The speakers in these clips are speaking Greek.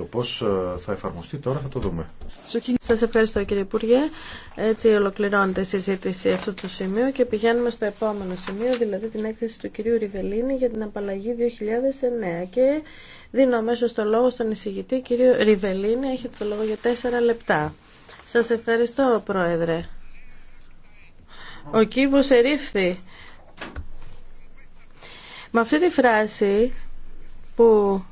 Το πώ ε, θα εφαρμοστεί τώρα θα το δούμε. Σας ευχαριστώ κύριε Υπουργέ. Έτσι ολοκληρώνεται η συζήτηση αυτού του σημείου και πηγαίνουμε στο επόμενο σημείο, δηλαδή την έκθεση του κυρίου Ριβελίνη για την απαλλαγή 2009. Και δίνω αμέσω το λόγο στον εισηγητή κύριο Ριβελίνη. Έχετε το λόγο για τέσσερα λεπτά. Σας ευχαριστώ πρόεδρε. Ο κύβο ερήφθη. Με αυτή τη φράση που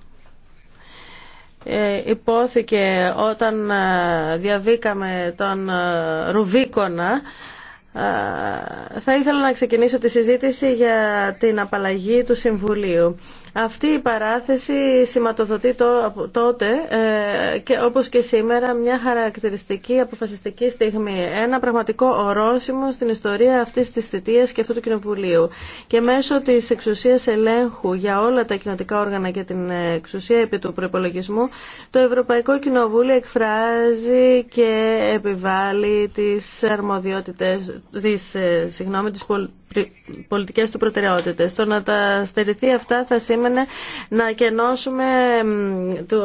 ε, υπόθηκε όταν ε, διαβήκαμε τον ε, Ρουβίκονα θα ήθελα να ξεκινήσω τη συζήτηση για την απαλλαγή του Συμβουλίου. Αυτή η παράθεση σηματοδοτεί τότε, ε, και όπως και σήμερα, μια χαρακτηριστική αποφασιστική στιγμή. Ένα πραγματικό ορόσημο στην ιστορία αυτής της θητείας και αυτού του Κοινοβουλίου. Και μέσω της εξουσίας ελέγχου για όλα τα κοινοτικά όργανα και την εξουσία επί του προπολογισμού, το Ευρωπαϊκό Κοινοβούλιο εκφράζει και επιβάλλει τις αρμοδιότητες της, ε, συγγνώμη, της πολιτικές του προτεραιότητες. Το να τα στερηθεί αυτά θα σήμαινε να κενώσουμε το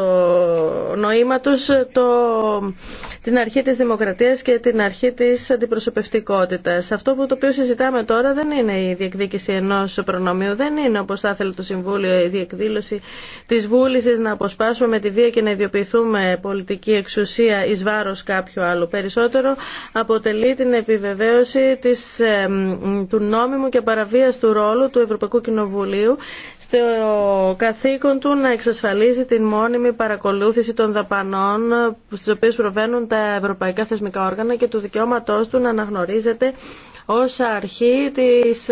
νοήμα τους το, την αρχή της δημοκρατίας και την αρχή της αντιπροσωπευτικότητας. Αυτό που το οποίο συζητάμε τώρα δεν είναι η διεκδίκηση ενός προνομίου, δεν είναι όπως θα ήθελε το Συμβούλιο η διεκδήλωση της βούλησης να αποσπάσουμε με τη βία και να ιδιοποιηθούμε πολιτική εξουσία εις βάρος κάποιου άλλου. Περισσότερο αποτελεί την επιβεβαίωση της, ε, του νόμου νόμιμου και παραβίαση του ρόλου του Ευρωπαϊκού Κοινοβουλίου στο καθήκον του να εξασφαλίζει την μόνιμη παρακολούθηση των δαπανών στις οποίες προβαίνουν τα ευρωπαϊκά θεσμικά όργανα και του δικαιώματός του να αναγνωρίζεται ως αρχή της,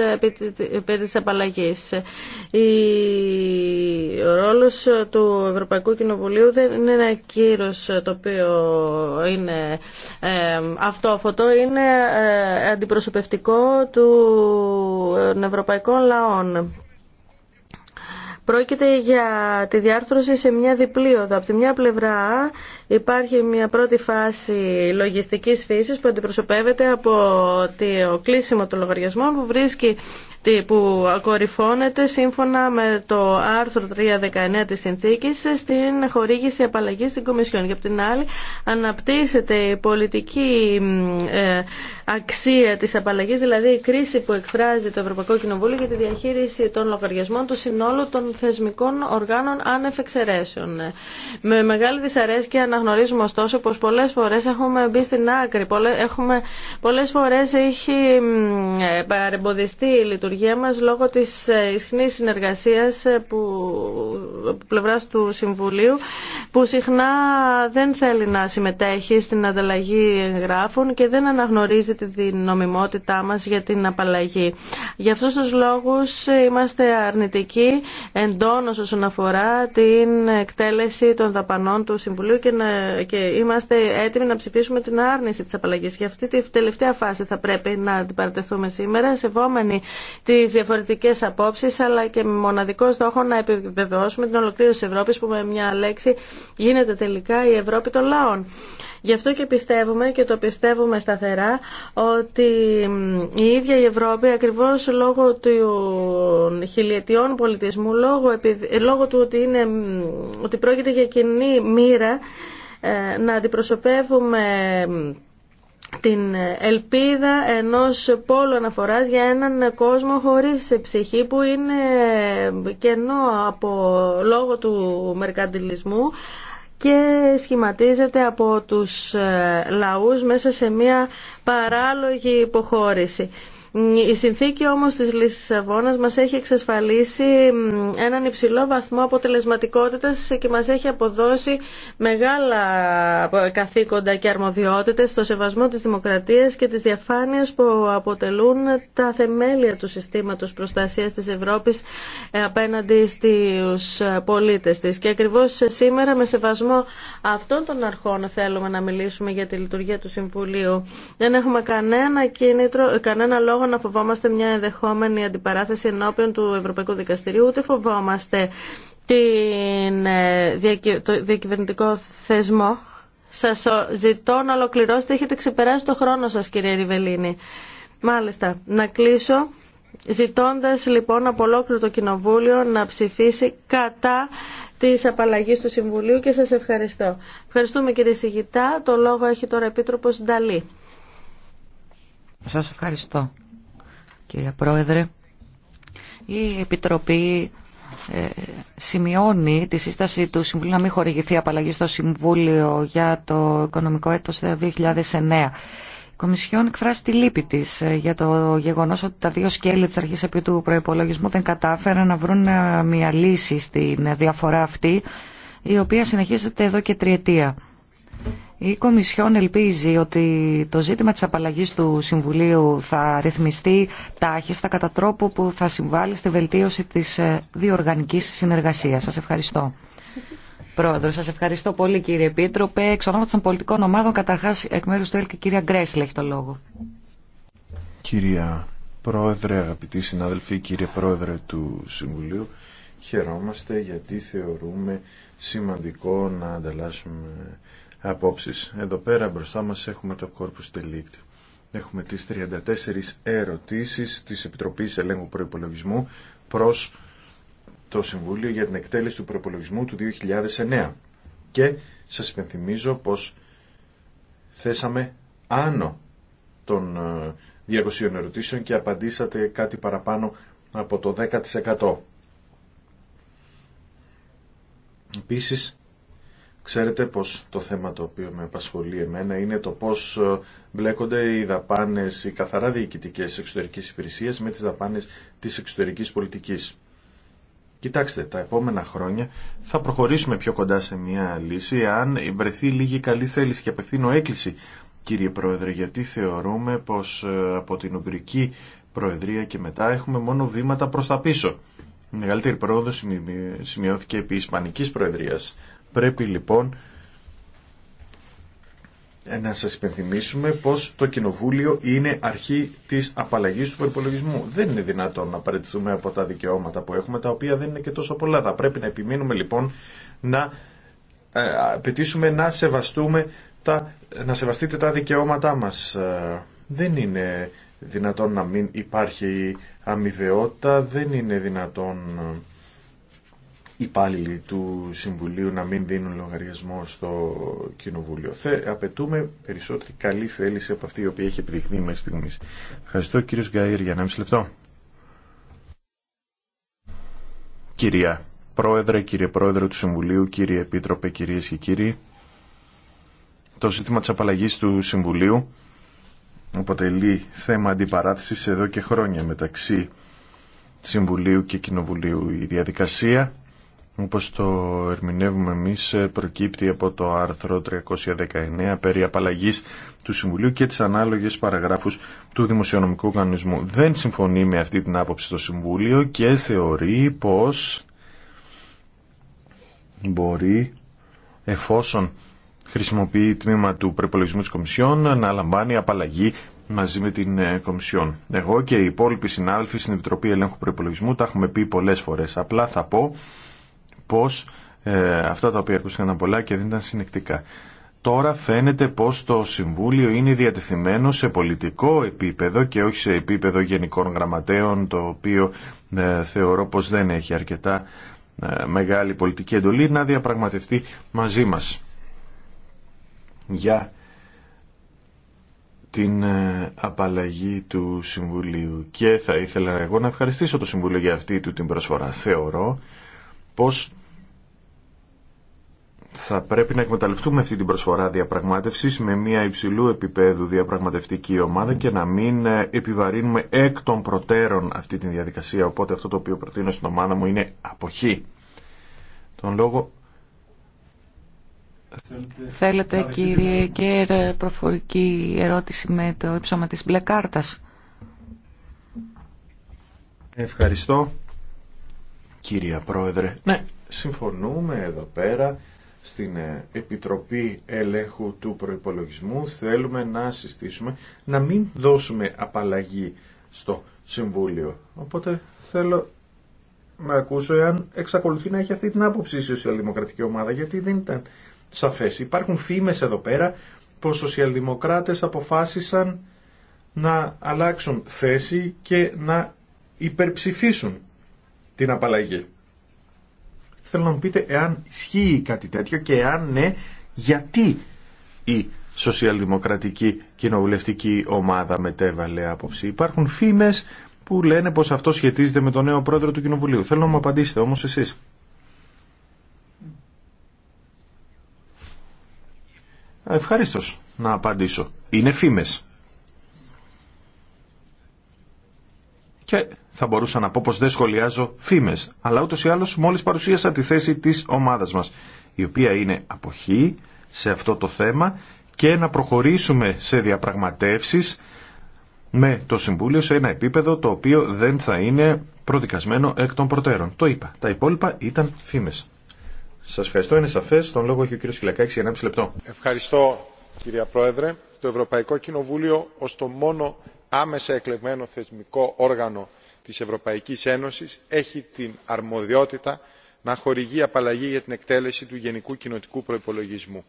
της απαλλαγής. Ο ρόλος του Ευρωπαϊκού Κοινοβουλίου δεν είναι ένα κύρος το οποίο είναι αυτό αυτό είναι ε, αντιπροσωπευτικό του ε, ευρωπαϊκών λαών Πρόκειται για τη διάρθρωση σε μια οδό. Από τη μια πλευρά υπάρχει μια πρώτη φάση λογιστικής φύσης που αντιπροσωπεύεται από το κλείσιμο των λογαριασμών που βρίσκει που κορυφώνεται σύμφωνα με το άρθρο 319 της συνθήκης στην χορήγηση απαλλαγή στην Κομισιόν. Και από την άλλη αναπτύσσεται η πολιτική ε, αξία της απαλλαγή, δηλαδή η κρίση που εκφράζει το Ευρωπαϊκό Κοινοβούλιο για τη διαχείριση των λογαριασμών του συνόλου των θεσμικών οργάνων άνευ Με μεγάλη δυσαρέσκεια αναγνωρίζουμε ωστόσο πως πολλές φορές έχουμε μπει στην άκρη, πολλές φορές έχει ε, παρεμποδιστεί λειτουργία μας λόγω της ε, ισχνής συνεργασίας ε, που, από πλευράς του Συμβουλίου που συχνά δεν θέλει να συμμετέχει στην ανταλλαγή γράφων και δεν αναγνωρίζει τη νομιμότητά μας για την απαλλαγή. Γι' αυτούς τους λόγους ε, είμαστε αρνητικοί εντόνως όσον αφορά την εκτέλεση των δαπανών του Συμβουλίου και, να, και είμαστε έτοιμοι να ψηφίσουμε την άρνηση της απαλλαγής. Για αυτή τη τελευταία φάση θα πρέπει να αντιπαρατεθούμε σήμερα, σεβόμενοι τις διαφορετικές απόψεις αλλά και με μοναδικό στόχο να επιβεβαιώσουμε την ολοκλήρωση της Ευρώπης που με μια λέξη γίνεται τελικά η Ευρώπη των λαών. Γι' αυτό και πιστεύουμε και το πιστεύουμε σταθερά ότι η ίδια η Ευρώπη ακριβώς λόγω του χιλιετιών πολιτισμού, λόγω, λόγω του ότι, είναι, ότι πρόκειται για κοινή μοίρα ε, να αντιπροσωπεύουμε την ελπίδα ενός πόλου αναφοράς για έναν κόσμο χωρίς ψυχή που είναι κενό από λόγω του μερκαντιλισμού και σχηματίζεται από τους λαούς μέσα σε μια παράλογη υποχώρηση. Η συνθήκη όμως της Λισαβόνας μας έχει εξασφαλίσει έναν υψηλό βαθμό αποτελεσματικότητας και μας έχει αποδώσει μεγάλα καθήκοντα και αρμοδιότητες στο σεβασμό της δημοκρατίας και της διαφάνειας που αποτελούν τα θεμέλια του συστήματος προστασίας της Ευρώπης ε, απέναντι στους πολίτες της. Και ακριβώς σήμερα με σεβασμό αυτών των αρχών θέλουμε να μιλήσουμε για τη λειτουργία του Συμβουλίου. Δεν έχουμε κανένα κανένα λόγο λόγο να φοβόμαστε μια ενδεχόμενη αντιπαράθεση ενώπιον του Ευρωπαϊκού Δικαστηρίου, ούτε φοβόμαστε την, ε, το διακυβερνητικό θεσμό. Σας ζητώ να ολοκληρώσετε, έχετε ξεπεράσει το χρόνο σας κύριε Ριβελίνη. Μάλιστα, να κλείσω ζητώντας λοιπόν από ολόκληρο το Κοινοβούλιο να ψηφίσει κατά της απαλλαγής του Συμβουλίου και σας ευχαριστώ. Ευχαριστούμε κύριε Σιγητά. Το λόγο έχει τώρα Επίτροπος Νταλή. Σας ευχαριστώ κυρία Πρόεδρε. Η Επιτροπή ε, σημειώνει τη σύσταση του Συμβουλίου να μην χορηγηθεί απαλλαγή στο Συμβούλιο για το οικονομικό έτος 2009. Ε, η Κομισιόν εκφράσει τη λύπη τη ε, για το γεγονό ότι τα δύο σκέλη τη αρχή επί του προπολογισμού δεν κατάφεραν να βρουν μια λύση στην διαφορά αυτή, η οποία συνεχίζεται εδώ και τριετία. Η Κομισιόν ελπίζει ότι το ζήτημα της απαλλαγής του Συμβουλίου θα ρυθμιστεί τάχιστα κατά τρόπο που θα συμβάλλει στη βελτίωση της ε, διοργανικής συνεργασίας. Σας ευχαριστώ. Πρόεδρο, σας ευχαριστώ πολύ κύριε Επίτροπε. Εξ ονόματος των πολιτικών ομάδων, καταρχάς εκ μέρους του ΕΛΚ, κυρία Γκρέσλε έχει το λόγο. Κυρία Πρόεδρε, αγαπητοί συνάδελφοι, κύριε Πρόεδρε του Συμβουλίου, χαιρόμαστε γιατί θεωρούμε σημαντικό να ανταλλάσσουμε απόψεις. Εδώ πέρα μπροστά μας έχουμε το Corpus Delict. Έχουμε τις 34 ερωτήσεις της Επιτροπής Ελέγχου Προϋπολογισμού προς το Συμβούλιο για την εκτέλεση του προϋπολογισμού του 2009. Και σας υπενθυμίζω πως θέσαμε άνω των 200 ε, ερωτήσεων και απαντήσατε κάτι παραπάνω από το 10%. Επίσης, Ξέρετε πως το θέμα το οποίο με απασχολεί εμένα είναι το πώς ε, μπλέκονται οι δαπάνες, οι καθαρά διοικητικές εξωτερικής υπηρεσίας με τις δαπάνες της εξωτερικής πολιτικής. Κοιτάξτε, τα επόμενα χρόνια θα προχωρήσουμε πιο κοντά σε μια λύση αν βρεθεί λίγη καλή θέληση και απευθύνω έκκληση κύριε Πρόεδρε γιατί θεωρούμε πως ε, από την Ουγγρική Προεδρία και μετά έχουμε μόνο βήματα προς τα πίσω. Η μεγαλύτερη πρόοδο σημειώθηκε επί Ισπανικής Προεδρίας Πρέπει λοιπόν ε, να σας υπενθυμίσουμε πως το Κοινοβούλιο είναι αρχή της απαλλαγής του προπολογισμού. Δεν είναι δυνατόν να παραιτηθούμε από τα δικαιώματα που έχουμε, τα οποία δεν είναι και τόσο πολλά. Θα πρέπει να επιμείνουμε λοιπόν να ε, απαιτήσουμε να σεβαστούμε τα, να σεβαστείτε τα δικαιώματά μας. Ε, δεν είναι δυνατόν να μην υπάρχει αμοιβαιότητα, δεν είναι δυνατόν υπάλληλοι του Συμβουλίου να μην δίνουν λογαριασμό στο Κοινοβούλιο. Θε, απαιτούμε περισσότερη καλή θέληση από αυτή η οποία έχει επιδειχθεί μέχρι στιγμή. Ευχαριστώ κύριο Γκαΐρ για ένα μισή λεπτό. Κυρία Πρόεδρε, κύριε Πρόεδρε του Συμβουλίου, κύριε Επίτροπε, κυρίες και κύριοι, το ζήτημα της απαλλαγής του Συμβουλίου αποτελεί θέμα αντιπαράθεσης εδώ και χρόνια μεταξύ Συμβουλίου και Κοινοβουλίου. Η διαδικασία όπως το ερμηνεύουμε εμείς, ε, προκύπτει από το άρθρο 319 περί απαλλαγής του Συμβουλίου και τις ανάλογες παραγράφους του Δημοσιονομικού Κανονισμού. Δεν συμφωνεί με αυτή την άποψη το Συμβούλιο και θεωρεί πως μπορεί, εφόσον χρησιμοποιεί τμήμα του προπολογισμού της Κομισιόν, να λαμβάνει απαλλαγή μαζί με την ε, Κομισιόν. Εγώ και οι υπόλοιποι συνάδελφοι στην Επιτροπή Ελέγχου Προπολογισμού τα έχουμε πει πολλές φορές. Απλά θα πω πως ε, αυτά τα οποία ακούστηκαν πολλά και δεν ήταν συνεκτικά. Τώρα φαίνεται πως το Συμβούλιο είναι διατεθειμένο σε πολιτικό επίπεδο και όχι σε επίπεδο γενικών γραμματέων, το οποίο ε, θεωρώ πως δεν έχει αρκετά ε, μεγάλη πολιτική εντολή να διαπραγματευτεί μαζί μας για την ε, απαλλαγή του Συμβουλίου. Και θα ήθελα εγώ να ευχαριστήσω το Συμβούλιο για αυτή του την προσφορά. Θεωρώ πως θα πρέπει να εκμεταλλευτούμε αυτή την προσφορά διαπραγματεύση με μια υψηλού επίπεδου διαπραγματευτική ομάδα και να μην ε, επιβαρύνουμε εκ των προτέρων αυτή τη διαδικασία. Οπότε αυτό το οποίο προτείνω στην ομάδα μου είναι αποχή. Τον λόγο... Θέλετε, Θέλετε κύριε Γκέρ προφορική ερώτηση με το ύψωμα της μπλε κάρτας. Ευχαριστώ. κύρια Πρόεδρε, ναι, συμφωνούμε εδώ πέρα στην ε, Επιτροπή Ελέγχου του Προϋπολογισμού θέλουμε να συστήσουμε να μην δώσουμε απαλλαγή στο Συμβούλιο. Οπότε θέλω να ακούσω εάν εξακολουθεί να έχει αυτή την άποψη η Σοσιαλδημοκρατική Ομάδα γιατί δεν ήταν σαφές. Υπάρχουν φήμες εδώ πέρα πως σοσιαλδημοκράτες αποφάσισαν να αλλάξουν θέση και να υπερψηφίσουν την απαλλαγή. Θέλω να μου πείτε εάν ισχύει κάτι τέτοιο και εάν ναι, γιατί η σοσιαλδημοκρατική κοινοβουλευτική ομάδα μετέβαλε άποψη. Υπάρχουν φήμες που λένε πως αυτό σχετίζεται με τον νέο πρόεδρο του Κοινοβουλίου. Θέλω να μου απαντήσετε όμως εσείς. Ευχαριστώ να απαντήσω. Είναι φήμες. Και θα μπορούσα να πω πως δεν σχολιάζω φήμες, αλλά ούτως ή άλλως μόλις παρουσίασα τη θέση της ομάδας μας, η οποία είναι αποχή σε αυτό το θέμα και να προχωρήσουμε σε διαπραγματεύσεις με το Συμβούλιο σε ένα επίπεδο το οποίο δεν θα είναι προδικασμένο εκ των προτέρων. Το είπα. Τα υπόλοιπα ήταν φήμες. Σας ευχαριστώ. Είναι σαφές. Τον λόγο έχει ο κύριος Χιλακάκης για 1,5 λεπτό. Ευχαριστώ κύρια Πρόεδρε. Το Ευρωπαϊκό Κοινοβούλιο ως το μόνο άμεσα εκλεγμένο θεσμικό όργανο της Ευρωπαϊκής Ένωσης έχει την αρμοδιότητα να χορηγεί απαλλαγή για την εκτέλεση του Γενικού Κοινοτικού Προϋπολογισμού.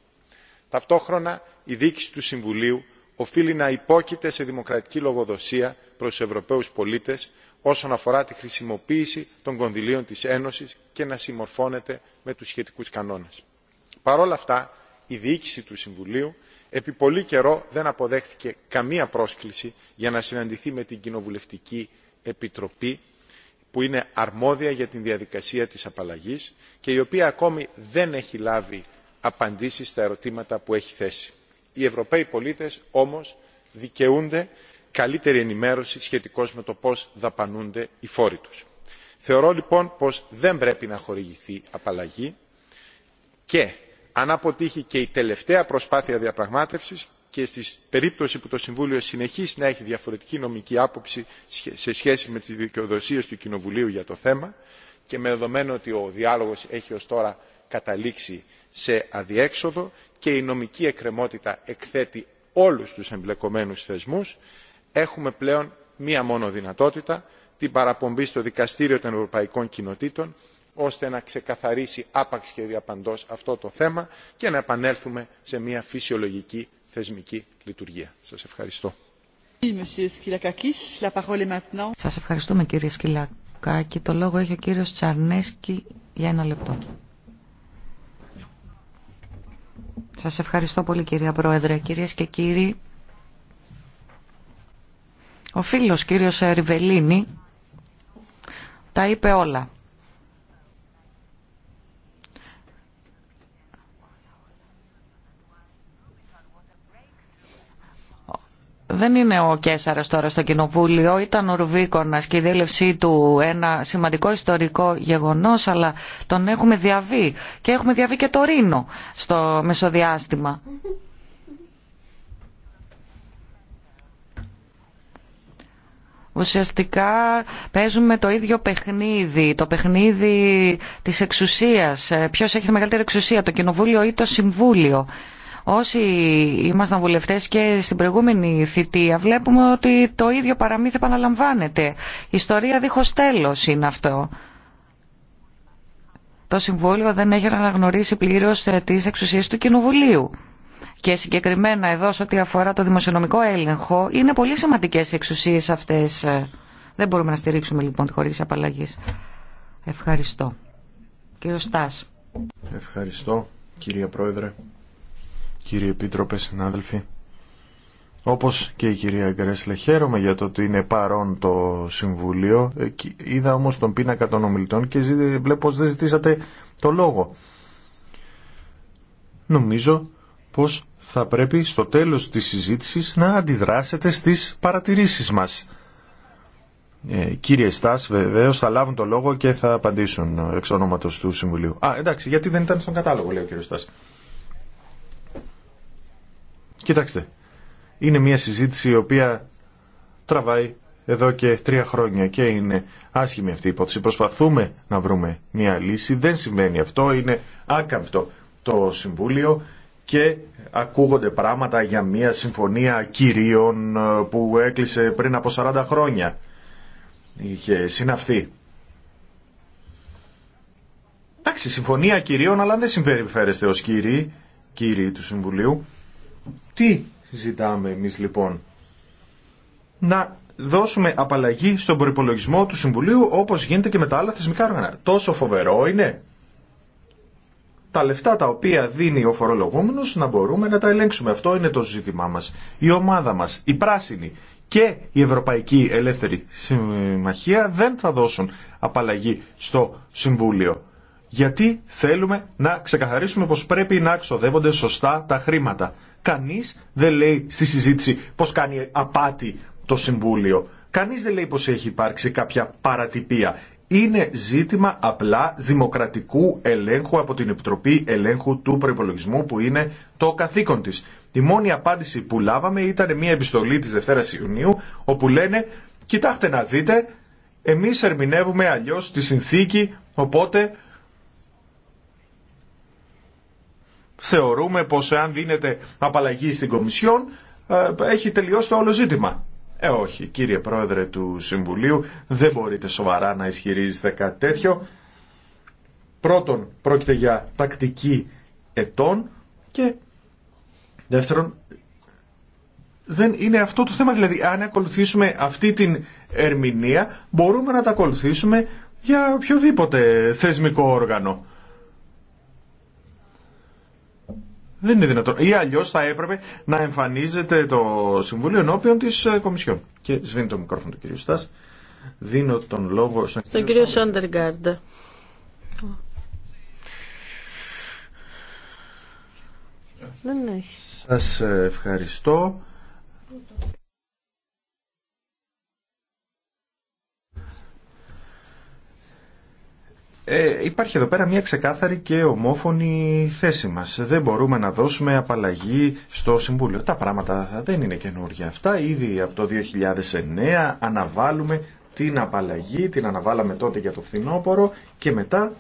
Ταυτόχρονα, η διοίκηση του Συμβουλίου οφείλει να υπόκειται σε δημοκρατική λογοδοσία προς τους Ευρωπαίους πολίτες όσον αφορά τη χρησιμοποίηση των κονδυλίων της Ένωσης και να συμμορφώνεται με τους σχετικούς κανόνες. Παρ' όλα αυτά, η διοίκηση του Συμβουλίου επί πολύ καιρό δεν αποδέχθηκε καμία πρόσκληση για να συναντηθεί με την κοινοβουλευτική επιτροπή που είναι αρμόδια για την διαδικασία της απαλλαγής και η οποία ακόμη δεν έχει λάβει απαντήσεις στα ερωτήματα που έχει θέσει. Οι Ευρωπαίοι πολίτες όμως δικαιούνται καλύτερη ενημέρωση σχετικώς με το πώς δαπανούνται οι φόροι τους. Θεωρώ λοιπόν πως δεν πρέπει να χορηγηθεί απαλλαγή και αν αποτύχει και η τελευταία προσπάθεια διαπραγμάτευσης και στη περίπτωση που το Συμβούλιο συνεχίσει να έχει διαφορετική νομική άποψη σε σχέση με τις δικαιοδοσίες του Κοινοβουλίου για το θέμα και με δεδομένο ότι ο διάλογος έχει ως τώρα καταλήξει σε αδιέξοδο και η νομική εκκρεμότητα εκθέτει όλους τους εμπλεκομένους θεσμούς, έχουμε πλέον μία μόνο δυνατότητα, την παραπομπή στο Δικαστήριο των Ευρωπαϊκών Κοινοτήτων ώστε να ξεκαθαρίσει άπαξ και διαπαντός αυτό το θέμα και να επανέλθουμε σε μια φυσιολογική θεσμική λειτουργία. Σας ευχαριστώ. Σας ευχαριστούμε κύριε Σκυλακάκη. Το λόγο έχει ο κύριος Τσαρνέσκι για ένα λεπτό. Σας ευχαριστώ πολύ κυρία Πρόεδρε. Κυρίες και κύριοι, ο φίλος κύριος Ριβελίνη τα είπε όλα δεν είναι ο Κέσαρας τώρα στο Κοινοβούλιο, ήταν ο Ρουβίκονας και η δέλευσή του ένα σημαντικό ιστορικό γεγονός, αλλά τον έχουμε διαβεί και έχουμε διαβεί και το Ρήνο στο μεσοδιάστημα. Ουσιαστικά παίζουμε το ίδιο παιχνίδι, το παιχνίδι της εξουσίας. Ε, ποιος έχει τη μεγαλύτερη εξουσία, το Κοινοβούλιο ή το Συμβούλιο. Όσοι ήμασταν βουλευτέ και στην προηγούμενη θητεία βλέπουμε ότι το ίδιο παραμύθι επαναλαμβάνεται. Η ιστορία δίχως τέλος είναι αυτό. Το Συμβούλιο δεν έχει αναγνωρίσει πλήρως ε, τις εξουσίες του Κοινοβουλίου και συγκεκριμένα εδώ σε ό,τι αφορά το δημοσιονομικό έλεγχο, είναι πολύ σημαντικέ οι εξουσίε αυτέ. Ε, δεν μπορούμε να στηρίξουμε λοιπόν τη χωρί απαλλαγή. Ευχαριστώ. Κύριο Στάς. Ευχαριστώ, κυρία Πρόεδρε κύριε Επίτροπε, συνάδελφοι. Όπως και η κυρία Γκρέσλε, χαίρομαι για το ότι είναι παρόν το Συμβούλιο. Ε, είδα όμως τον πίνακα των ομιλητών και βλέπω πως δεν ζητήσατε το λόγο. Νομίζω πως θα πρέπει στο τέλος της συζήτησης να αντιδράσετε στις παρατηρήσεις μας. Ε, κύριε Στάς βεβαίως θα λάβουν το λόγο και θα απαντήσουν ε, εξ ονόματος του Συμβουλίου. Α, εντάξει, γιατί δεν ήταν στον κατάλογο λέει ο κύριος Στάς. Κοιτάξτε, είναι μια συζήτηση η οποία τραβάει εδώ και τρία χρόνια και είναι άσχημη αυτή η υπόθεση. Προσπαθούμε να βρούμε μια λύση. Δεν συμβαίνει αυτό. Είναι άκαμπτο το Συμβούλιο και ακούγονται πράγματα για μια συμφωνία κυρίων ε, που έκλεισε πριν από 40 χρόνια. Είχε συναυθεί. Εντάξει, συμφωνία κυρίων, αλλά δεν συμφέρει φέρεστε ως κύριοι, κύριοι του Συμβουλίου. Τι ζητάμε εμείς λοιπόν. Να δώσουμε απαλλαγή στον προπολογισμό του Συμβουλίου όπως γίνεται και με τα άλλα θεσμικά όργανα. Τόσο φοβερό είναι. Τα λεφτά τα οποία δίνει ο φορολογούμενος να μπορούμε να τα ελέγξουμε. Αυτό είναι το ζήτημά μας. Η ομάδα μας, η πράσινη και η Ευρωπαϊκή Ελεύθερη Συμμαχία δεν θα δώσουν απαλλαγή στο Συμβούλιο. Γιατί θέλουμε να ξεκαθαρίσουμε πως πρέπει να ξοδεύονται σωστά τα χρήματα. Κανείς δεν λέει στη συζήτηση πως κάνει απάτη το Συμβούλιο. Κανείς δεν λέει πως έχει υπάρξει κάποια παρατυπία. Είναι ζήτημα απλά δημοκρατικού ελέγχου από την Επιτροπή Ελέγχου του Προπολογισμού που είναι το καθήκον της. Η μόνη απάντηση που λάβαμε ήταν μια επιστολή της Δευτέρας Ιουνίου όπου λένε κοιτάξτε να δείτε εμείς ερμηνεύουμε αλλιώς τη συνθήκη οπότε θεωρούμε πως αν δίνεται απαλλαγή στην Κομισιόν ε, έχει τελειώσει το όλο ζήτημα. Ε, όχι, κύριε Πρόεδρε του Συμβουλίου, δεν μπορείτε σοβαρά να ισχυρίζετε κάτι τέτοιο. Πρώτον, πρόκειται για τακτική ετών και δεύτερον, δεν είναι αυτό το θέμα. Δηλαδή, αν ακολουθήσουμε αυτή την ερμηνεία, μπορούμε να τα ακολουθήσουμε για οποιοδήποτε θεσμικό όργανο. Δεν είναι δυνατόν. Ή αλλιώ θα έπρεπε να εμφανίζεται το Συμβούλιο ενώπιον τη ε, Κομισιόν. Και σβήνει το μικρόφωνο του κυρίου Στά. Δίνω τον λόγο στον κύριο, κ. Σόντεργαρντ. Δεν έχει. Σας ευχαριστώ. Ε, υπάρχει εδώ πέρα μια ξεκάθαρη και ομόφωνη θέση μας. Δεν μπορούμε να δώσουμε απαλλαγή στο Συμβούλιο. Τα πράγματα δεν είναι καινούργια αυτά. Ήδη από το 2009 αναβάλουμε την απαλλαγή, την αναβάλαμε τότε για το φθινόπωρο και μετά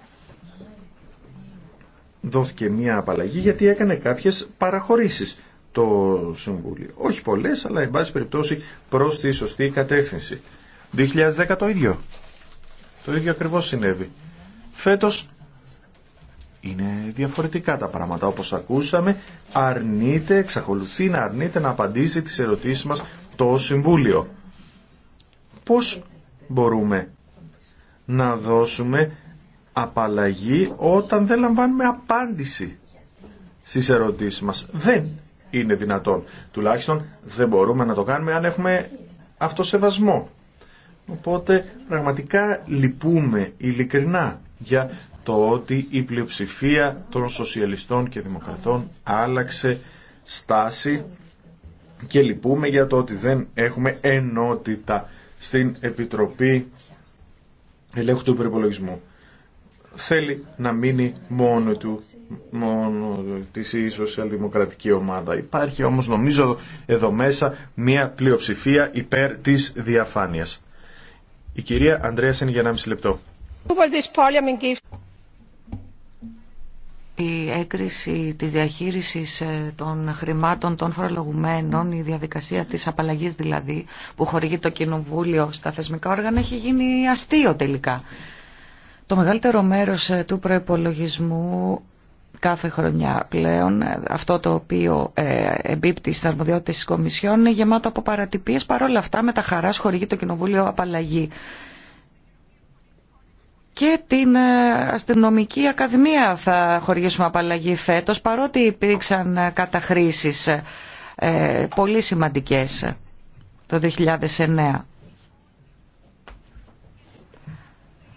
δόθηκε μια απαλλαγή γιατί έκανε κάποιες παραχωρήσεις το Συμβούλιο. Όχι πολλές, αλλά εν πάση περιπτώσει προς τη σωστή κατεύθυνση. 2010 το ίδιο. Το ίδιο ακριβώς συνέβη. Φέτος είναι διαφορετικά τα πράγματα όπως ακούσαμε. Αρνείται, εξακολουθεί να αρνείται να απαντήσει τις ερωτήσεις μας το Συμβούλιο. Πώς μπορούμε να δώσουμε απαλλαγή όταν δεν λαμβάνουμε απάντηση στις ερωτήσεις μας. Δεν είναι δυνατόν. Τουλάχιστον δεν μπορούμε να το κάνουμε αν έχουμε αυτοσεβασμό. Οπότε πραγματικά λυπούμε ειλικρινά για το ότι η πλειοψηφία των σοσιαλιστών και δημοκρατών άλλαξε στάση και λυπούμε για το ότι δεν έχουμε ενότητα στην Επιτροπή Ελέγχου του Υπερυπολογισμού. Θέλει να μείνει μόνο του, μόνο της η σοσιαλδημοκρατική ομάδα. Υπάρχει όμως νομίζω εδώ μέσα μια πλειοψηφία υπέρ της διαφάνειας. Η κυρία είναι για 1,5 λεπτό. Η έγκριση της διαχείρισης ε, των χρημάτων των φορολογουμένων, η διαδικασία της απαλλαγής δηλαδή που χορηγεί το Κοινοβούλιο στα θεσμικά όργανα έχει γίνει αστείο τελικά. Το μεγαλύτερο μέρος ε, του προϋπολογισμού κάθε χρονιά πλέον ε, αυτό το οποίο εμπίπτει στις αρμοδιότητες της Κομισιόν είναι γεμάτο από παρατυπίες παρόλα αυτά με τα χαράς χορηγεί το Κοινοβούλιο απαλλαγή και την ε, αστυνομική ακαδημία θα χορηγήσουμε απαλλαγή φέτος παρότι υπήρξαν ε, καταχρήσεις ε, πολύ σημαντικές το 2009.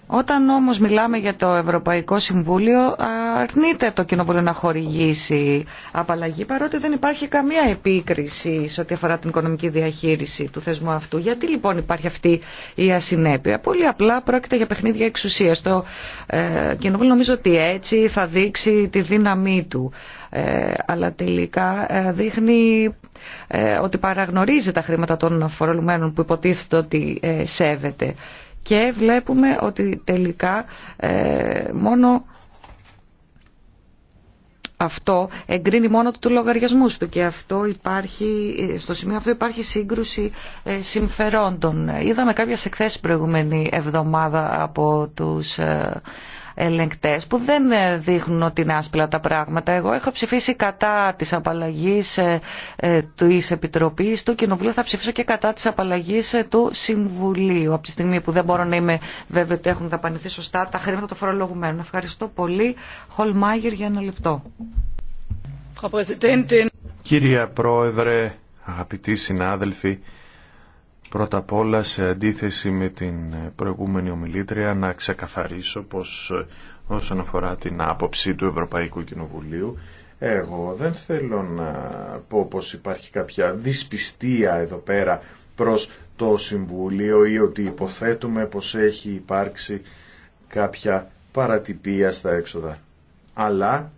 Όταν όμως μιλάμε για το Ευρωπαϊκό Συμβούλιο, αρνείται το Κοινοβούλιο να χορηγήσει απαλλαγή, παρότι δεν υπάρχει καμία επίκριση σε ό,τι αφορά την οικονομική διαχείριση του θεσμού αυτού. Γιατί λοιπόν υπάρχει αυτή η ασυνέπεια. Πολύ απλά πρόκειται για παιχνίδια εξουσίας. Το ε, Κοινοβούλιο νομίζω ότι έτσι θα δείξει τη δύναμή του. Ε, αλλά τελικά ε, δείχνει ε, ότι παραγνωρίζει τα χρήματα των φορολουμένων που υποτίθεται ότι ε, σέβεται και βλέπουμε ότι τελικά ε, μόνο αυτό εγκρίνει μόνο του λογαριασμού του και αυτό υπάρχει, στο σημείο αυτό υπάρχει σύγκρουση ε, συμφερόντων. Είδαμε κάποιες εκθέσεις προηγούμενη εβδομάδα από τους ε, ελεγκτές που δεν ε, δείχνουν ότι είναι άσπλα τα πράγματα. Εγώ έχω ψηφίσει κατά της απαλλαγής ε, ε, της επιτροπή του Κοινοβουλίου, θα ψηφίσω και κατά της απαλλαγής του Συμβουλίου, από τη στιγμή που δεν μπορώ να είμαι βέβαιο ότι έχουν δαπανηθεί σωστά τα χρήματα των φορολογουμένων. Ευχαριστώ πολύ. Χολμάγερ για ένα λεπτό. Κυρία Πρόεδρε, αγαπητοί συνάδελφοι, Πρώτα απ' όλα, σε αντίθεση με την προηγούμενη ομιλήτρια, να ξεκαθαρίσω πως όσον αφορά την άποψη του Ευρωπαϊκού Κοινοβουλίου, εγώ δεν θέλω να πω πως υπάρχει κάποια δυσπιστία εδώ πέρα προς το Συμβούλιο ή ότι υποθέτουμε πως έχει υπάρξει κάποια παρατυπία στα έξοδα. Αλλά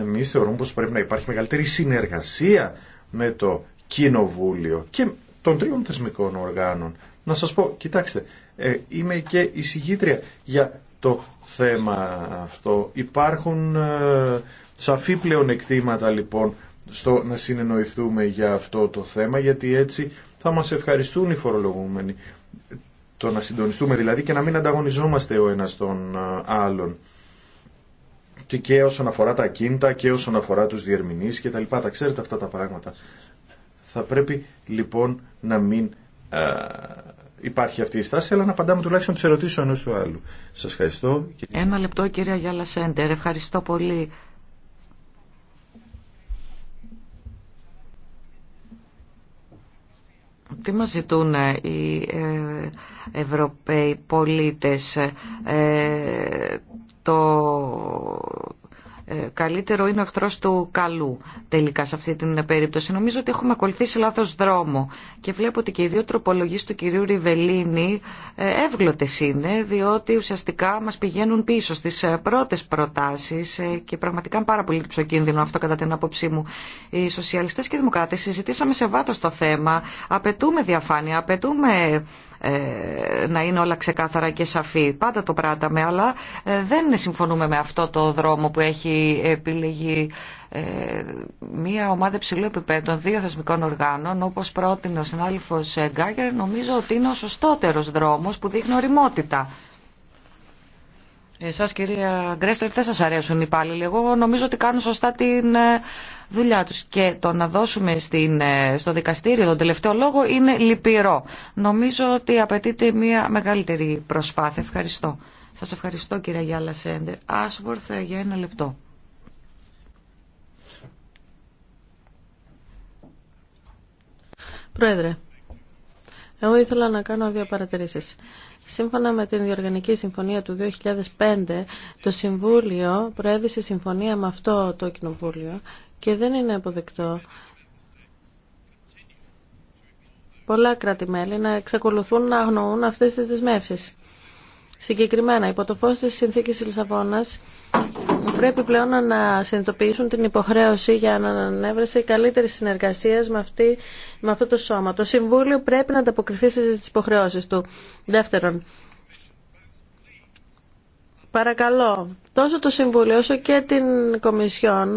εμεί θεωρούμε πως πρέπει να υπάρχει μεγαλύτερη συνεργασία με το Κοινοβούλιο και των τριών θεσμικών οργάνων. Να σας πω, κοιτάξτε, ε, είμαι και η εισηγήτρια για το θέμα αυτό. Υπάρχουν ε, σαφή πλεονεκτήματα λοιπόν στο να συνεννοηθούμε για αυτό το θέμα, γιατί έτσι θα μας ευχαριστούν οι φορολογούμενοι. Το να συντονιστούμε δηλαδή και να μην ανταγωνιζόμαστε ο ένας τον ε, άλλον. Και, και όσον αφορά τα κίνητα και όσον αφορά τους διερμηνείς και τα Τα ξέρετε αυτά τα πράγματα. Θα πρέπει λοιπόν να μην α, υπάρχει αυτή η στάση, αλλά να απαντάμε τουλάχιστον τις ερωτήσει ο του άλλου. Σας ευχαριστώ. Ένα λεπτό κυρία Γιάλα Σέντερ. Ευχαριστώ πολύ. Τι μας ζητούν ε, οι ε, Ευρωπαίοι πολίτες. Ε, καλύτερο είναι ο εχθρό του καλού τελικά σε αυτή την περίπτωση. Νομίζω ότι έχουμε ακολουθήσει λάθο δρόμο και βλέπω ότι και οι δύο τροπολογίε του κυρίου Ριβελίνη ε, εύγλωτε είναι διότι ουσιαστικά μα πηγαίνουν πίσω στι ε, πρώτε προτάσει ε, και πραγματικά είναι πάρα πολύ ψοκίνδυνο αυτό κατά την άποψή μου. Οι Σοσιαλιστέ και οι δημοκράτες συζητήσαμε σε βάθο το θέμα, απαιτούμε διαφάνεια, απαιτούμε να είναι όλα ξεκάθαρα και σαφή. Πάντα το πράταμε, αλλά δεν συμφωνούμε με αυτό το δρόμο που έχει επιλεγεί ε, μια ομάδα υψηλού επίπεδων δύο θεσμικών οργάνων, όπω πρότεινε ο συνάδελφο Γκάγκερ, νομίζω ότι είναι ο σωστότερο δρόμο που δείχνει οριμότητα. Εσά, κυρία Γκρέστερ, δεν σα αρέσουν οι υπάλληλοι. Εγώ νομίζω ότι κάνουν σωστά την ε, δουλειά τους και το να δώσουμε στην, ε, στο δικαστήριο τον τελευταίο λόγο είναι λυπηρό. Νομίζω ότι απαιτείται μια μεγαλύτερη προσπάθεια. Ευχαριστώ. Σας ευχαριστώ κυρία Γιάλα Σέντερ. Άσβορθ για ένα λεπτό. Πρόεδρε, εγώ ήθελα να κάνω δύο παρατηρήσεις. Σύμφωνα με την Διοργανική Συμφωνία του 2005, το Συμβούλιο προέδισε συμφωνία με αυτό το Κοινοβούλιο και δεν είναι αποδεκτό πολλά κράτη-μέλη να εξακολουθούν να αγνοούν αυτές τις δεσμεύσεις. Συγκεκριμένα, υπό το φως της συνθήκης Λισαβόνας, πρέπει πλέον να συνειδητοποιήσουν την υποχρέωση για να η καλύτερη συνεργασία με, αυτή, με αυτό το σώμα. Το Συμβούλιο πρέπει να ανταποκριθεί στι υποχρεώσει του. Δεύτερον, Παρακαλώ τόσο το Συμβούλιο όσο και την Κομισιόν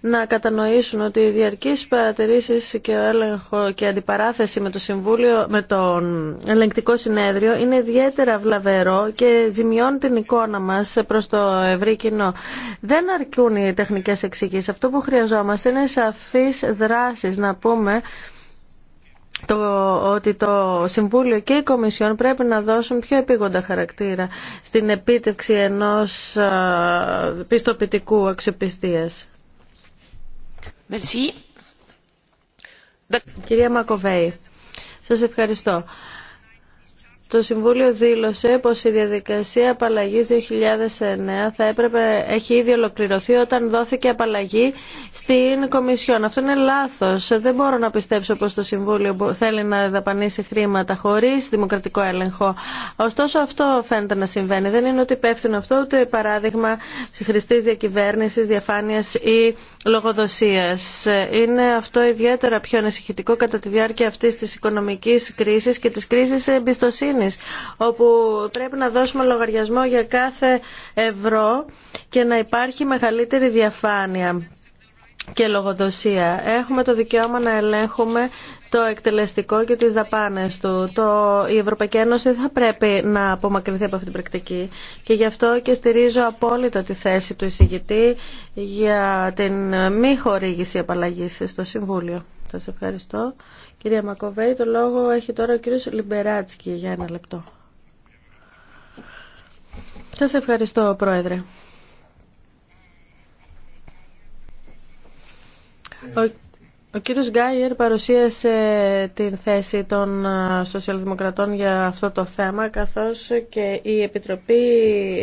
να κατανοήσουν ότι οι διαρκείς παρατηρήσεις και ο έλεγχο και αντιπαράθεση με το Συμβούλιο, με το ελεγκτικό συνέδριο είναι ιδιαίτερα βλαβερό και ζημιώνει την εικόνα μας προς το ευρύ κοινό. Δεν αρκούν οι τεχνικές εξηγήσεις. Αυτό που χρειαζόμαστε είναι σαφείς δράσεις να πούμε το, ότι το Συμβούλιο και η Κομισιόν πρέπει να δώσουν πιο επίγοντα χαρακτήρα στην επίτευξη ενός πιστοποιητικού αξιοπιστίας. Merci. Κυρία Μακοβέη, σας ευχαριστώ. Το Συμβούλιο δήλωσε πως η διαδικασία απαλλαγής 2009 θα έπρεπε, έχει ήδη ολοκληρωθεί όταν δόθηκε απαλλαγή στην Κομισιόν. Αυτό είναι λάθος. Δεν μπορώ να πιστέψω πως το Συμβούλιο θέλει να δαπανίσει χρήματα χωρίς δημοκρατικό έλεγχο. Ωστόσο αυτό φαίνεται να συμβαίνει. Δεν είναι ότι υπεύθυνο αυτό, ούτε παράδειγμα χρηστή διακυβέρνησης, διαφάνειας ή λογοδοσίας. Είναι αυτό ιδιαίτερα πιο ανησυχητικό κατά τη διάρκεια αυτής της οικονομικής κρίσης και της κρίσης εμπιστοσύνη όπου πρέπει να δώσουμε λογαριασμό για κάθε ευρώ και να υπάρχει μεγαλύτερη διαφάνεια και λογοδοσία. Έχουμε το δικαίωμα να ελέγχουμε το εκτελεστικό και τις δαπάνες του. Το, η Ευρωπαϊκή Ένωση θα πρέπει να απομακρυνθεί από αυτή την πρακτική και γι' αυτό και στηρίζω απόλυτα τη θέση του εισηγητή για την μη χορήγηση απαλλαγής στο Συμβούλιο. Σας ευχαριστώ. Κυρία Μακοβέη, το λόγο έχει τώρα ο κύριος Λιμπεράτσκι για ένα λεπτό. Σα ευχαριστώ, Πρόεδρε. Ο κύριος Γκάιερ παρουσίασε την θέση των σοσιαλδημοκρατών για αυτό το θέμα, καθώς και η Επιτροπή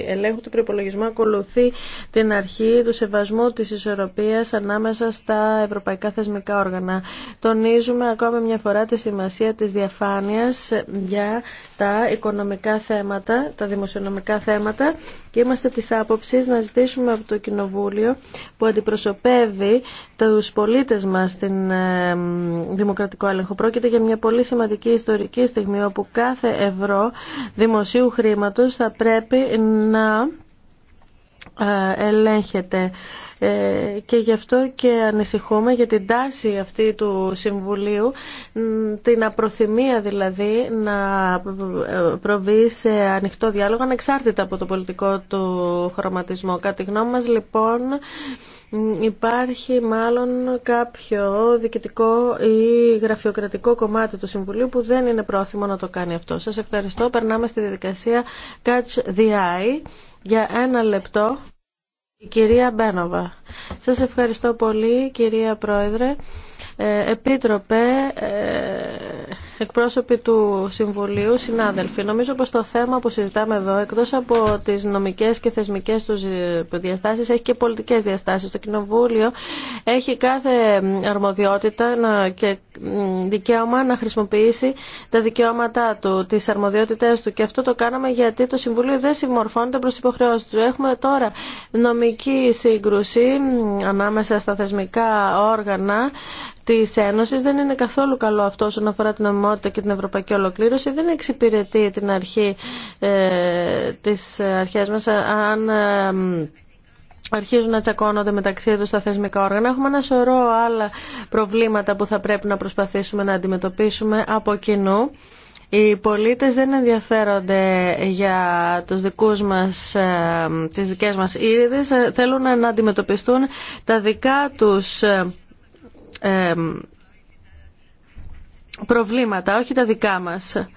Ελέγχου του Προπολογισμού ακολουθεί την αρχή του σεβασμού της ισορροπίας ανάμεσα στα ευρωπαϊκά θεσμικά όργανα. Τονίζουμε ακόμα μια φορά τη σημασία της διαφάνειας για τα οικονομικά θέματα, τα δημοσιονομικά θέματα και είμαστε της άποψης να ζητήσουμε από το Κοινοβούλιο που αντιπροσωπεύει τους πολίτες μας στην ε, δημοκρατικό έλεγχο. Πρόκειται για μια πολύ σημαντική ιστορική στιγμή όπου κάθε ευρώ δημοσίου χρήματος θα πρέπει να ελέγχεται ε, και γι' αυτό και ανησυχούμε για την τάση αυτή του Συμβουλίου, την απροθυμία δηλαδή να προβεί σε ανοιχτό διάλογο ανεξάρτητα από το πολιτικό του χρωματισμό. Κατά τη λοιπόν υπάρχει μάλλον κάποιο διοικητικό ή γραφειοκρατικό κομμάτι του Συμβουλίου που δεν είναι πρόθυμο να το κάνει αυτό. Σας ευχαριστώ. Περνάμε στη διαδικασία Catch the Eye. Για ένα λεπτό, η κυρία Μπένοβα. Σας ευχαριστώ πολύ, κυρία Πρόεδρε. Ε, Επίτροπε, ε, εκπρόσωποι του Συμβουλίου, συνάδελφοι, νομίζω πως το θέμα που συζητάμε εδώ, εκτός από τις νομικές και θεσμικές του ε, διαστάσεις, έχει και πολιτικές διαστάσεις. Το Κοινοβούλιο έχει κάθε αρμοδιότητα και δικαίωμα να χρησιμοποιήσει τα δικαιώματά του, τις αρμοδιότητές του. Και αυτό το κάναμε γιατί το Συμβουλίο δεν συμμορφώνεται προς υποχρεώσεις του. Έχουμε τώρα νομική σύγκρουση ανάμεσα στα θεσμικά όργανα τη Ένωση, δεν είναι καθόλου καλό αυτό όσον αφορά την νομιμότητα και την ευρωπαϊκή ολοκλήρωση. Δεν εξυπηρετεί την αρχή ε, της αρχές μας αν... Ε, αρχίζουν να τσακώνονται μεταξύ τους τα θεσμικά όργανα. Έχουμε ένα σωρό άλλα προβλήματα που θα πρέπει να προσπαθήσουμε να αντιμετωπίσουμε από κοινού. Οι πολίτες δεν ενδιαφέρονται για τους δικούς μας, ε, τις δικές μας ε, θέλουν να αντιμετωπιστούν τα δικά τους προβλήματα, όχι τα δικά μας.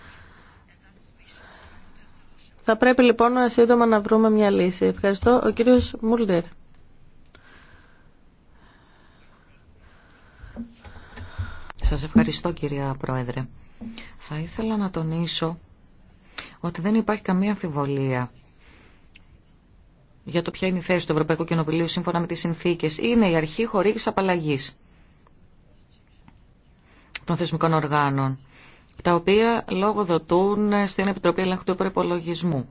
Θα πρέπει λοιπόν να σύντομα να βρούμε μια λύση. Ευχαριστώ. Ο κύριος Μούλτερ. Σας ευχαριστώ κυρία Πρόεδρε. Θα ήθελα να τονίσω ότι δεν υπάρχει καμία αμφιβολία για το ποια είναι η θέση του Ευρωπαϊκού Κοινοβουλίου σύμφωνα με τις συνθήκες. Είναι η αρχή χωρίς απαλλαγής των θεσμικών οργάνων, τα οποία λογοδοτούν στην Επιτροπή Ελέγχου του Προπολογισμού.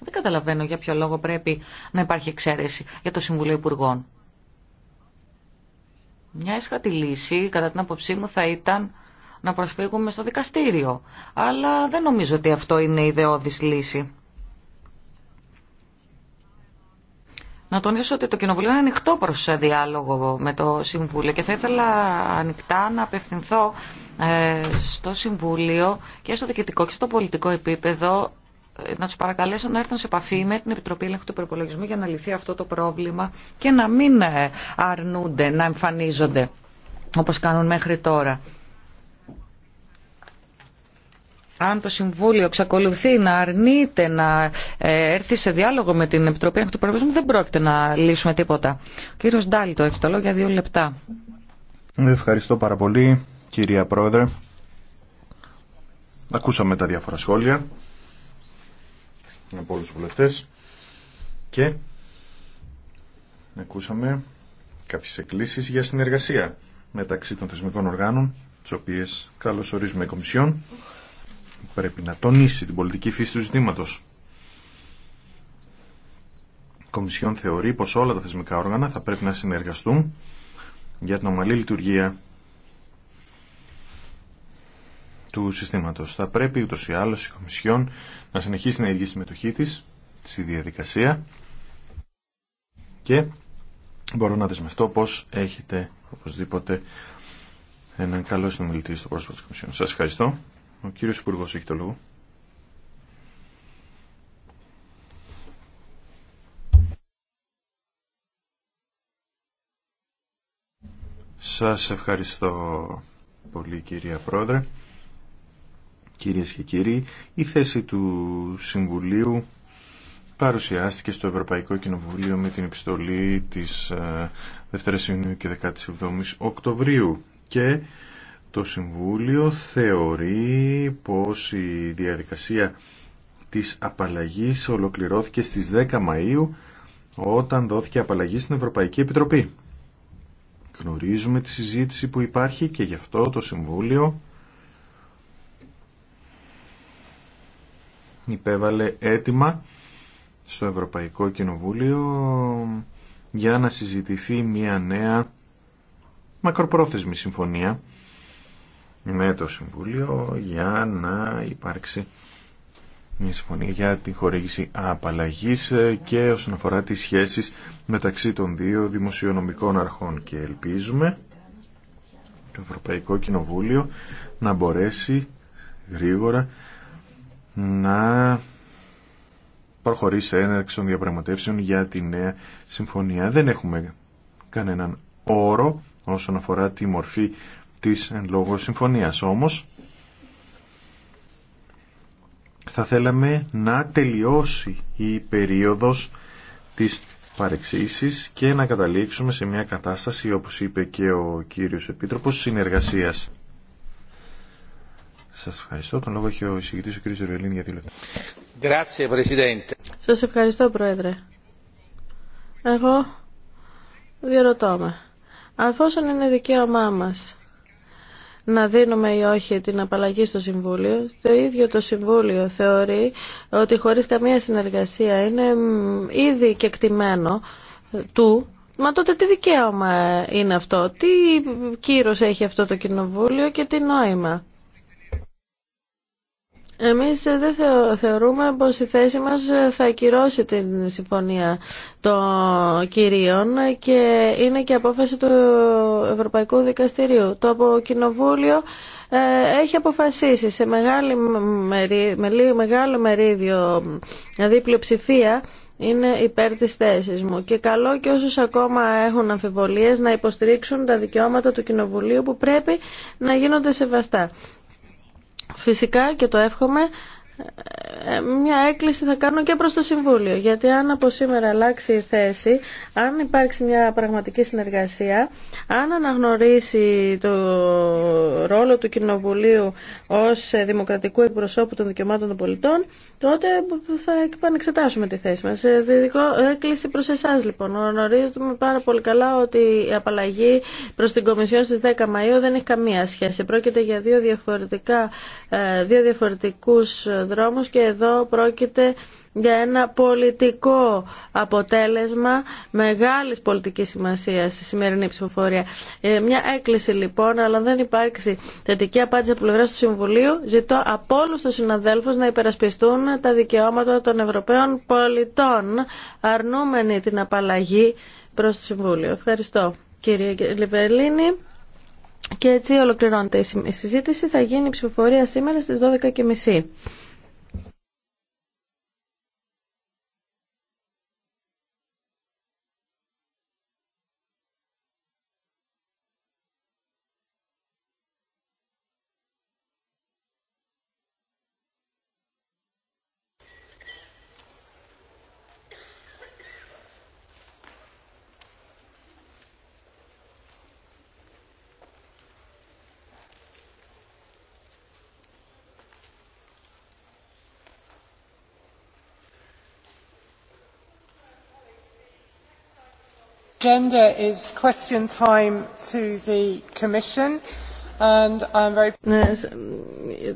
Δεν καταλαβαίνω για ποιο λόγο πρέπει να υπάρχει εξαίρεση για το Συμβουλίο Υπουργών. Μια έσχατη λύση, κατά την άποψή μου, θα ήταν να προσφύγουμε στο δικαστήριο. Αλλά δεν νομίζω ότι αυτό είναι η ιδεώδης λύση. Να τονίσω ότι το Κοινοβουλίο είναι ανοιχτό προς διάλογο με το Συμβούλιο και θα ήθελα ανοιχτά να απευθυνθώ ε, στο Συμβούλιο και στο διοικητικό και στο πολιτικό επίπεδο ε, να τους παρακαλέσω να έρθουν σε επαφή με την Επιτροπή Ελέγχου του Προπολογισμού για να λυθεί αυτό το πρόβλημα και να μην ε, αρνούνται, να εμφανίζονται όπως κάνουν μέχρι τώρα αν το Συμβούλιο εξακολουθεί να αρνείται να ε, έρθει σε διάλογο με την Επιτροπή Ανοιχτού Προβλήσμου, δεν πρόκειται να λύσουμε τίποτα. Ο κύριο Ντάλιτο έχει το λόγο για δύο λεπτά. Ευχαριστώ πάρα πολύ, κυρία Πρόεδρε. Ακούσαμε τα διάφορα σχόλια από όλου του βουλευτέ και ακούσαμε κάποιες εκκλήσεις για συνεργασία μεταξύ των θεσμικών οργάνων, τις οποίες καλωσορίζουμε η Κομισιόν πρέπει να τονίσει την πολιτική φύση του ζητήματος. Η Κομισιόν θεωρεί πως όλα τα θεσμικά όργανα θα πρέπει να συνεργαστούν για την ομαλή λειτουργία του συστήματος. Θα πρέπει ούτως ή άλλω η αλλω η κομισιον να συνεχίσει την ενεργή συμμετοχή τη στη διαδικασία και μπορώ να δεσμευτώ πώ έχετε οπωσδήποτε έναν καλό συνομιλητή στο πρόσωπο της Κομισιόν. Σας ευχαριστώ. Ο κύριος Υπουργό έχει το λόγο. Σας ευχαριστώ πολύ κυρία Πρόεδρε. Κυρίες και κύριοι, η θέση του Συμβουλίου παρουσιάστηκε στο Ευρωπαϊκό Κοινοβούλιο με την επιστολή της 2ης ε, Ιουνίου και 17ης Οκτωβρίου και το Συμβούλιο θεωρεί πως η διαδικασία της απαλλαγής ολοκληρώθηκε στις 10 Μαΐου όταν δόθηκε απαλλαγή στην Ευρωπαϊκή Επιτροπή. Γνωρίζουμε τη συζήτηση που υπάρχει και γι' αυτό το Συμβούλιο υπέβαλε αίτημα στο Ευρωπαϊκό Κοινοβούλιο για να συζητηθεί μια νέα μακροπρόθεσμη συμφωνία με το Συμβούλιο για να υπάρξει μια συμφωνία για την χορήγηση απαλλαγή ε, και όσον αφορά τις σχέσεις μεταξύ των δύο δημοσιονομικών αρχών και ελπίζουμε το Ευρωπαϊκό Κοινοβούλιο να μπορέσει γρήγορα να προχωρήσει σε έναρξη των διαπραγματεύσεων για τη νέα συμφωνία. Δεν έχουμε κανέναν όρο όσον αφορά τη μορφή της εν λόγω συμφωνίας. Όμως θα θέλαμε να τελειώσει η περίοδος της παρεξήσεις και να καταλήξουμε σε μια κατάσταση όπως είπε και ο κύριος Επίτροπος συνεργασίας. Σας ευχαριστώ. Τον λόγο έχει ο εισηγητής ο κύριος Ρελίν για τη Presidente. Σας ευχαριστώ Πρόεδρε. Εγώ διαρωτώ με. Αφόσον είναι δικαίωμά μας να δίνουμε ή όχι την απαλλαγή στο Συμβούλιο. Το ίδιο το Συμβούλιο θεωρεί ότι χωρίς καμία συνεργασία είναι ήδη κεκτημένο του Μα τότε τι δικαίωμα είναι αυτό, τι κύρος έχει αυτό το κοινοβούλιο και τι νόημα. Εμείς ε, δεν θεωρούμε πως η θέση μας ε, θα ακυρώσει την συμφωνία των κυρίων και είναι και απόφαση του Ευρωπαϊκού Δικαστηρίου. Το από Κοινοβούλιο ε, έχει αποφασίσει σε μεγάλη, μεγάλο μερίδιο, δηλαδή ψηφία είναι υπέρ της θέσης μου και καλό και όσους ακόμα έχουν αμφιβολίες να υποστηρίξουν τα δικαιώματα του Κοινοβουλίου που πρέπει να γίνονται σεβαστά. Φυσικά και το εύχομαι ε, μια έκκληση θα κάνω και προς το Συμβούλιο γιατί αν από σήμερα αλλάξει η θέση αν υπάρξει μια πραγματική συνεργασία αν αναγνωρίσει το ρόλο του Κοινοβουλίου ως δημοκρατικού εκπροσώπου των δικαιωμάτων των πολιτών τότε θα επανεξετάσουμε τη θέση μας. Ε, διδικό, έκκληση ε, προς εσάς λοιπόν. Γνωρίζουμε πάρα πολύ καλά ότι η απαλλαγή προς την Κομισιόν στις 10 Μαΐου δεν έχει καμία σχέση. Πρόκειται για δύο, διαφορετικά, ε, δύο διαφορετικούς δρόμους και εδώ πρόκειται για ένα πολιτικό αποτέλεσμα μεγάλης πολιτικής σημασίας στη σημερινή ψηφοφορία. Ε, μια έκκληση λοιπόν, αλλά δεν υπάρξει θετική απάντηση από πλευρά του Συμβουλίου, ζητώ από όλου του συναδέλφου να υπερασπιστούν τα δικαιώματα των Ευρωπαίων πολιτών, αρνούμενοι την απαλλαγή προς το Συμβούλιο. Ευχαριστώ κύριε Λιβελίνη. Και έτσι ολοκληρώνεται η συζήτηση. Θα γίνει η ψηφοφορία σήμερα στις 12.30.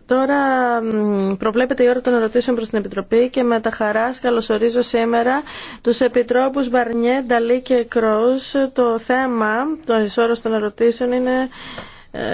Τώρα προβλέπεται η ώρα των ερωτήσεων προς την Επιτροπή και με τα χαράς καλωσορίζω σήμερα τους Επιτρόπους Μπαρνιέ, Νταλή και Κρόους. Το θέμα, το εισόδων των ερωτήσεων είναι ε,